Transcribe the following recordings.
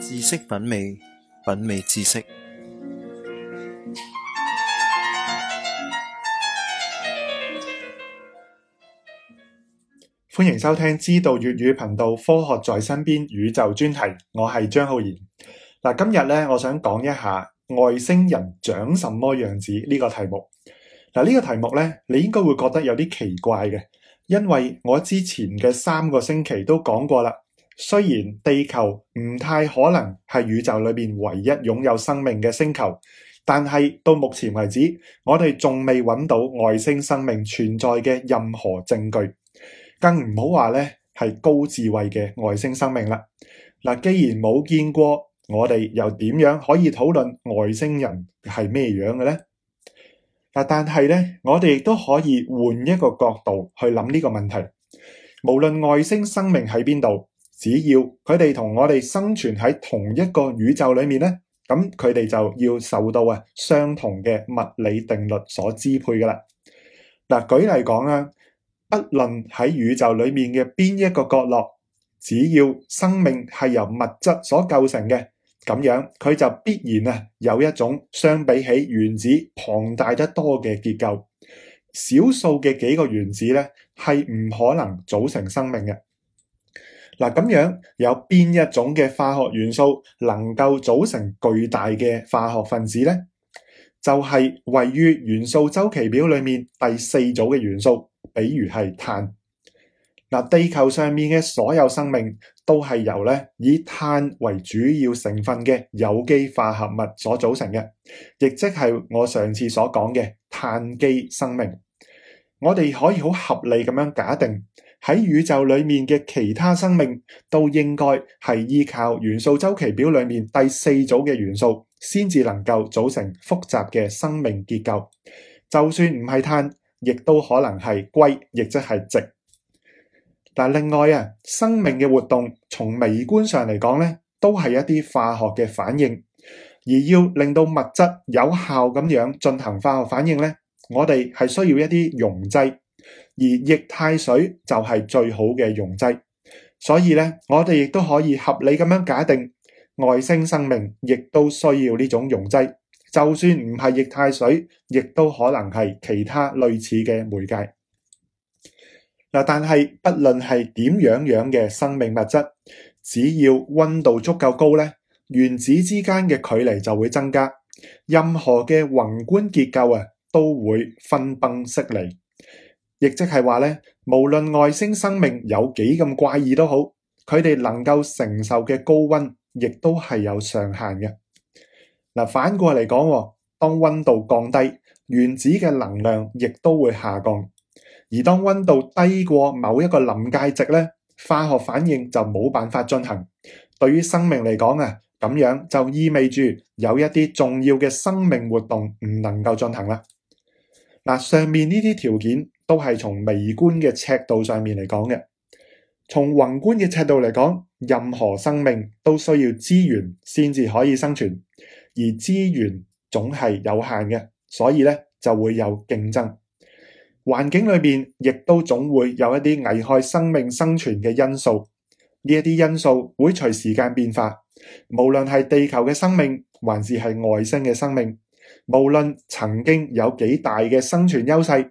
知識品味，品味知識。歡迎收聽《知道粵語》頻道《科學在身邊》宇宙專題。我係張浩然嗱，今日咧，我想講一下外星人長什麼樣子呢個題目嗱。呢個題目咧，你應該會覺得有啲奇怪嘅，因為我之前嘅三個星期都講過啦。雖然地球唔太可能係宇宙裏面唯一擁有生命嘅星球，但係到目前為止，我哋仲未揾到外星生命存在嘅任何證據，更唔好話呢係高智慧嘅外星生命啦。嗱，既然冇見過，我哋又點樣可以討論外星人係咩樣嘅呢？嗱，但係呢，我哋亦都可以換一個角度去諗呢個問題。無論外星生命喺邊度。只要佢哋同我哋生存喺同一個宇宙裏面咧，咁佢哋就要受到啊相同嘅物理定律所支配嘅啦。嗱，舉例講啊，不論喺宇宙裏面嘅邊一個角落，只要生命係由物質所構成嘅，咁樣佢就必然啊有一種相比起原子龐大得多嘅結構。少數嘅幾個原子咧，係唔可能組成生命嘅。嗱，咁樣有邊一種嘅化學元素能夠組成巨大嘅化學分子呢？就係位於元素週期表裏面第四組嘅元素，比如係碳。嗱，地球上面嘅所有生命都係由咧以碳為主要成分嘅有機化合物所組成嘅，亦即係我上次所講嘅碳基生命。我哋可以好合理咁樣假定。喺宇宙裏面嘅其他生命，都應該係依靠元素周期表裏面第四組嘅元素，先至能夠組成複雜嘅生命結構。就算唔係碳，亦都可能係硅，亦即係矽。但另外啊，生命嘅活動從微觀上嚟講咧，都係一啲化學嘅反應。而要令到物質有效咁樣進行化學反應咧，我哋係需要一啲溶劑。而液態水就係最好嘅溶劑，所以咧，我哋亦都可以合理咁樣假定外星生命亦都需要呢種溶劑，就算唔係液態水，亦都可能係其他類似嘅媒介嗱。但係不論係點樣樣嘅生命物質，只要溫度足夠高咧，原子之間嘅距離就會增加，任何嘅宏觀結構啊都會分崩析離。亦即係話咧，無論外星生命有幾咁怪異都好，佢哋能夠承受嘅高溫，亦都係有上限嘅。嗱，反過嚟講，當溫度降低，原子嘅能量亦都會下降。而當溫度低過某一個臨界值咧，化學反應就冇辦法進行。對於生命嚟講啊，咁樣就意味住有一啲重要嘅生命活動唔能夠進行啦。嗱，上面呢啲條件，都係從微觀嘅尺度上面嚟講嘅，從宏觀嘅尺度嚟講，任何生命都需要資源先至可以生存，而資源總係有限嘅，所以咧就會有競爭。環境裏面亦都總會有一啲危害生命生存嘅因素，呢一啲因素會隨時間變化。無論係地球嘅生命，還是係外星嘅生命，無論曾經有幾大嘅生存優勢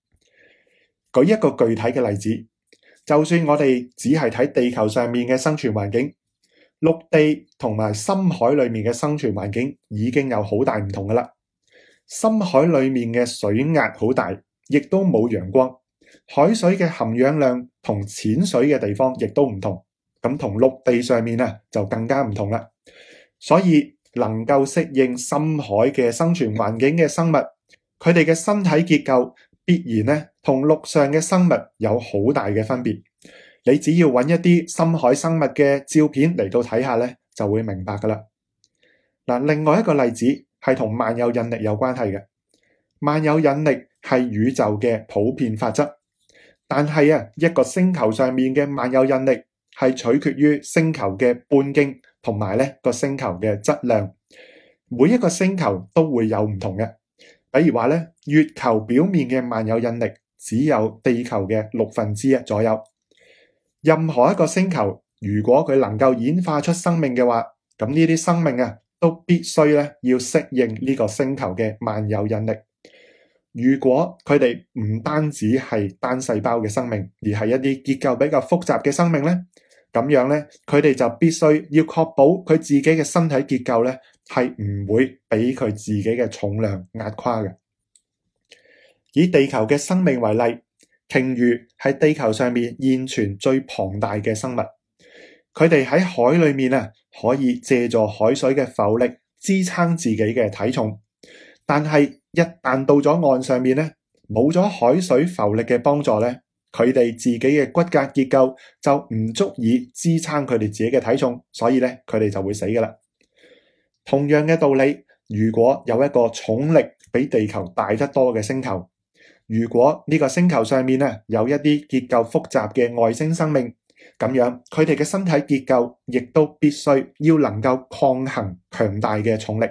舉一個具體嘅例子，就算我哋只係睇地球上面嘅生存環境，陸地同埋深海裏面嘅生存環境已經有好大唔同㗎喇。深海裏面嘅水壓好大，亦都冇陽光，海水嘅含氧量同淺水嘅地方亦都唔同。咁同陸地上面啊就更加唔同啦。所以能夠適應深海嘅生存環境嘅生物，佢哋嘅身體結構。必然咧，同陸上嘅生物有好大嘅分別。你只要揾一啲深海生物嘅照片嚟到睇下咧，就會明白噶啦。嗱，另外一個例子係同萬有引力有關係嘅。萬有引力係宇宙嘅普遍法則，但係啊，一個星球上面嘅萬有引力係取決於星球嘅半徑同埋咧個星球嘅質量，每一個星球都會有唔同嘅。比如話咧，月球表面嘅萬有引力只有地球嘅六分之一左右。任何一個星球，如果佢能夠演化出生命嘅話，咁呢啲生命啊，都必須咧要適應呢個星球嘅萬有引力。如果佢哋唔單止係單細胞嘅生命，而係一啲結構比較複雜嘅生命咧，咁樣咧，佢哋就必須要確保佢自己嘅身體結構咧。係唔會俾佢自己嘅重量壓垮嘅。以地球嘅生命為例，鯨魚係地球上面現存最龐大嘅生物。佢哋喺海裏面咧，可以借助海水嘅浮力支撐自己嘅體重。但係一旦到咗岸上面咧，冇咗海水浮力嘅幫助咧，佢哋自己嘅骨骼結構就唔足以支撐佢哋自己嘅體重，所以咧佢哋就會死㗎啦。同樣嘅道理，如果有一個重力比地球大得多嘅星球，如果呢個星球上面呢有一啲結構複雜嘅外星生命，咁樣佢哋嘅身體結構亦都必須要能夠抗衡強大嘅重力。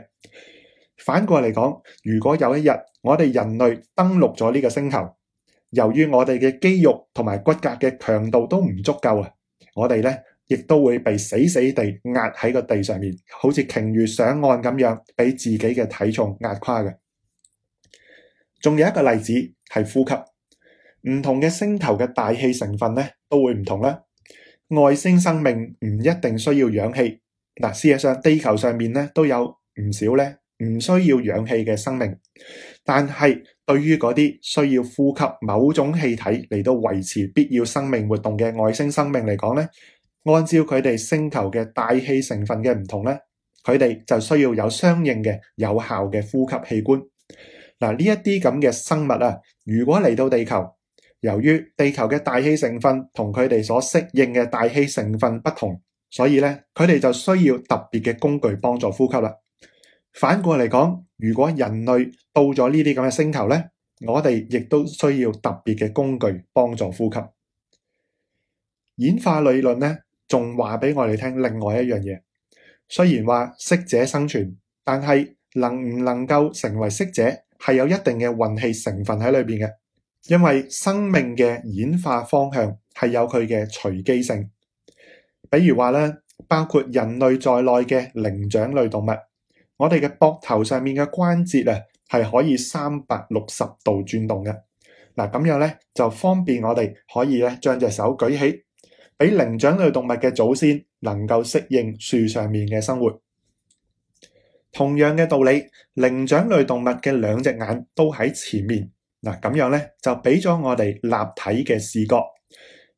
反過嚟講，如果有一日我哋人類登陸咗呢個星球，由於我哋嘅肌肉同埋骨骼嘅強度都唔足夠啊，我哋呢？亦都會被死死地壓喺個地上面，好似鯨魚上岸咁樣，俾自己嘅體重壓垮嘅。仲有一個例子係呼吸，唔同嘅星球嘅大氣成分咧都會唔同啦。外星生命唔一定需要氧氣，嗱，事實上地球上面咧都有唔少咧唔需要氧氣嘅生命，但係對於嗰啲需要呼吸某種氣體嚟到維持必要生命活動嘅外星生命嚟講咧。按照佢哋星球嘅大氣成分嘅唔同呢，佢哋就需要有相應嘅有效嘅呼吸器官。嗱，呢一啲咁嘅生物啊，如果嚟到地球，由於地球嘅大氣成分同佢哋所適應嘅大氣成分不同，所以呢佢哋就需要特別嘅工具幫助呼吸啦。反過嚟講，如果人類到咗呢啲咁嘅星球呢，我哋亦都需要特別嘅工具幫助呼吸。演化理論呢。仲話俾我哋聽另外一樣嘢，雖然話適者生存，但係能唔能夠成為適者，係有一定嘅運氣成分喺裏邊嘅。因為生命嘅演化方向係有佢嘅隨機性。比如話咧，包括人類在內嘅靈長類動物，我哋嘅膊頭上面嘅關節啊，係可以三百六十度轉動嘅。嗱，咁樣咧，就方便我哋可以咧將隻手舉起。俾靈長類動物嘅祖先能夠適應樹上面嘅生活，同樣嘅道理，靈長類動物嘅兩隻眼都喺前面嗱，咁樣咧就俾咗我哋立體嘅視覺。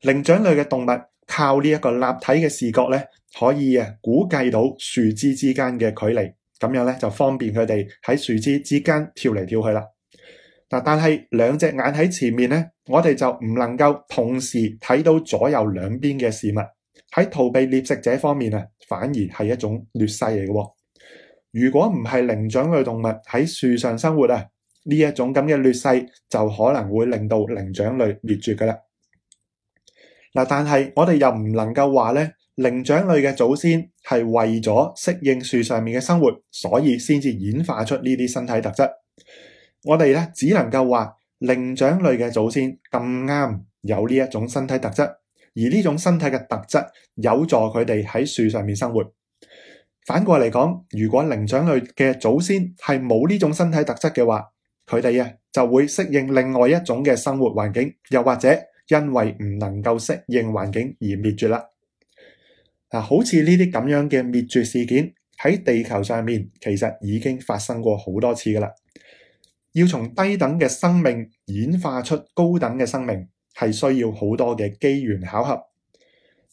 靈長類嘅動物靠呢一個立體嘅視覺咧，可以啊估計到樹枝之間嘅距離，咁樣咧就方便佢哋喺樹枝之間跳嚟跳去啦。嗱，但係兩隻眼喺前面咧，我哋就唔能夠同時睇到左右兩邊嘅事物。喺逃避獵食者方面啊，反而係一種劣勢嚟嘅。如果唔係靈長類動物喺樹上生活啊，呢一種咁嘅劣勢就可能會令到靈長類滅絕㗎啦。嗱，但係我哋又唔能夠話咧，靈長類嘅祖先係為咗適應樹上面嘅生活，所以先至演化出呢啲身體特質。我哋咧，只能夠話靈長類嘅祖先咁啱有呢一種身體特質，而呢種身體嘅特質有助佢哋喺樹上面生活。反過嚟講，如果靈長類嘅祖先係冇呢種身體特質嘅話，佢哋啊就會適應另外一種嘅生活環境，又或者因為唔能夠適應環境而滅絕啦。嗱，好似呢啲咁樣嘅滅絕事件喺地球上面，其實已經發生過好多次㗎啦。要從低等嘅生命演化出高等嘅生命，係需要好多嘅機緣巧合。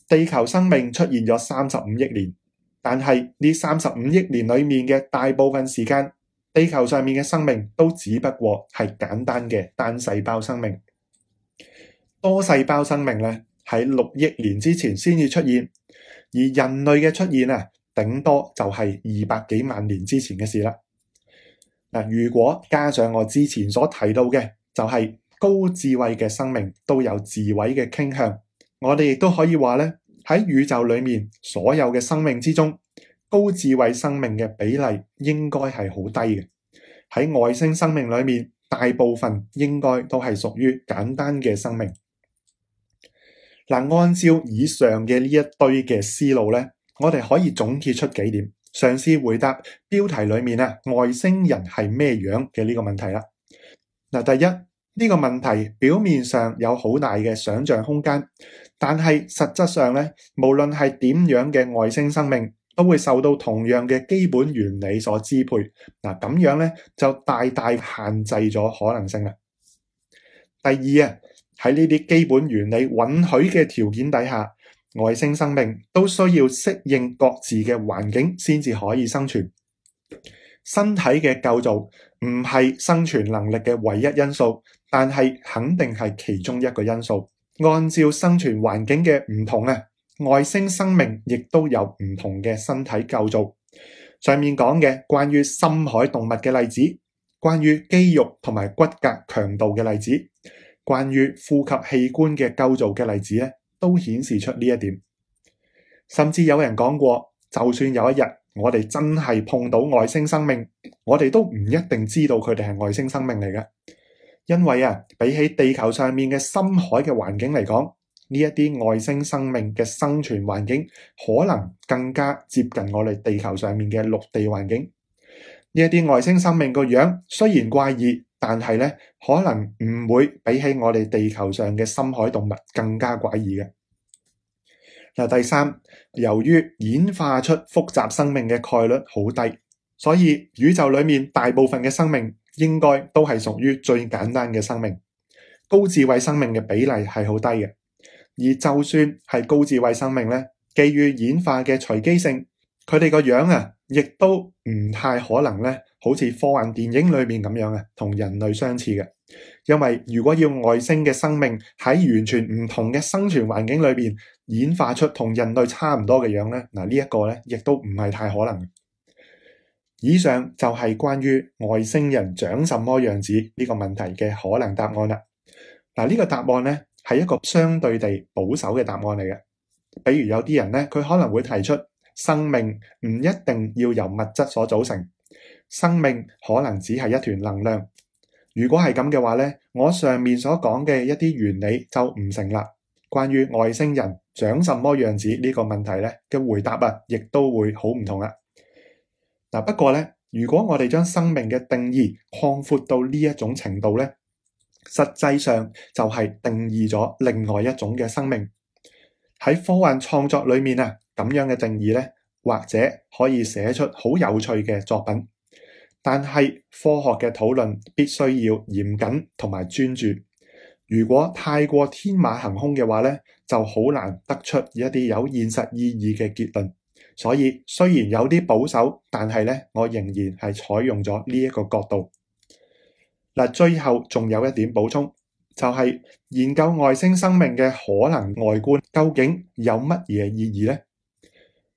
地球生命出現咗三十五億年，但係呢三十五億年裏面嘅大部分時間，地球上面嘅生命都只不過係簡單嘅單細胞生命。多細胞生命咧，喺六億年之前先至出現，而人類嘅出現啊，頂多就係二百幾萬年之前嘅事啦。嗱，如果加上我之前所提到嘅，就係高智慧嘅生命都有智慧嘅傾向，我哋亦都可以話咧，喺宇宙裏面所有嘅生命之中，高智慧生命嘅比例應該係好低嘅。喺外星生命裏面，大部分應該都係屬於簡單嘅生命。嗱，按照以上嘅呢一堆嘅思路咧，我哋可以總結出幾點。嘗試回答標題裏面啊外星人係咩樣嘅呢個問題啦。嗱，第一，呢個問題表面上有好大嘅想象空間，但係實質上咧，無論係點樣嘅外星生命，都會受到同樣嘅基本原理所支配。嗱，咁樣咧就大大限制咗可能性啦。第二啊，喺呢啲基本原理允許嘅條件底下。外星生命都需要適應各自嘅環境先至可以生存。身體嘅構造唔係生存能力嘅唯一因素，但係肯定係其中一個因素。按照生存環境嘅唔同啊，外星生命亦都有唔同嘅身體構造。上面講嘅關於深海動物嘅例子，關於肌肉同埋骨骼強度嘅例子，關於呼吸器官嘅構造嘅例子咧，都顯示出呢一點，甚至有人講過，就算有一日我哋真係碰到外星生命，我哋都唔一定知道佢哋係外星生命嚟嘅，因為啊，比起地球上面嘅深海嘅環境嚟講，呢一啲外星生命嘅生存環境可能更加接近我哋地球上面嘅陸地環境。呢一啲外星生命個樣雖然怪異。但係咧，可能唔會比起我哋地球上嘅深海動物更加詭異嘅。嗱，第三，由於演化出複雜生命嘅概率好低，所以宇宙裏面大部分嘅生命應該都係屬於最簡單嘅生命，高智慧生命嘅比例係好低嘅。而就算係高智慧生命咧，基於演化嘅隨機性，佢哋個樣啊～亦都唔太可能咧，好似科幻電影裏面咁樣嘅，同人類相似嘅。因為如果要外星嘅生命喺完全唔同嘅生存環境裏邊演化出同人類差唔多嘅樣咧，嗱呢一個咧，亦都唔係太可能。以上就係關於外星人長什麼樣子呢個問題嘅可能答案啦。嗱呢個答案咧係一個相對地保守嘅答案嚟嘅。比如有啲人咧，佢可能會提出。生命唔一定要由物質所組成，生命可能只係一團能量。如果係咁嘅話呢，我上面所講嘅一啲原理就唔成立。關於外星人長什麼樣子呢個問題呢嘅回答啊，亦都會好唔同啦。嗱，不過呢，如果我哋將生命嘅定義擴闊到呢一種程度呢，實際上就係定義咗另外一種嘅生命喺科幻創作裏面啊。咁樣嘅定義呢，或者可以寫出好有趣嘅作品。但係科學嘅討論必須要嚴謹同埋專注。如果太過天馬行空嘅話呢，就好難得出一啲有現實意義嘅結論。所以雖然有啲保守，但係呢我仍然係採用咗呢一個角度。嗱，最後仲有一點補充，就係研究外星生命嘅可能外觀究竟有乜嘢意義呢？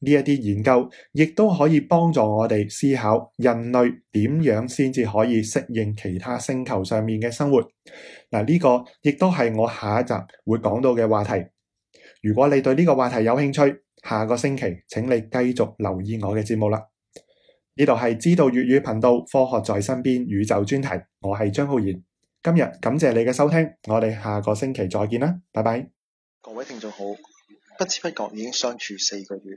呢一啲研究，亦都可以幫助我哋思考人類點樣先至可以適應其他星球上面嘅生活。嗱，呢個亦都係我下一集會講到嘅話題。如果你對呢個話題有興趣，下個星期請你繼續留意我嘅節目啦。呢度係知道粵語頻道《科學在身邊》宇宙專題，我係張浩然。今日感謝你嘅收聽，我哋下個星期再見啦，拜拜。各位聽眾好，不知不覺已經相處四個月。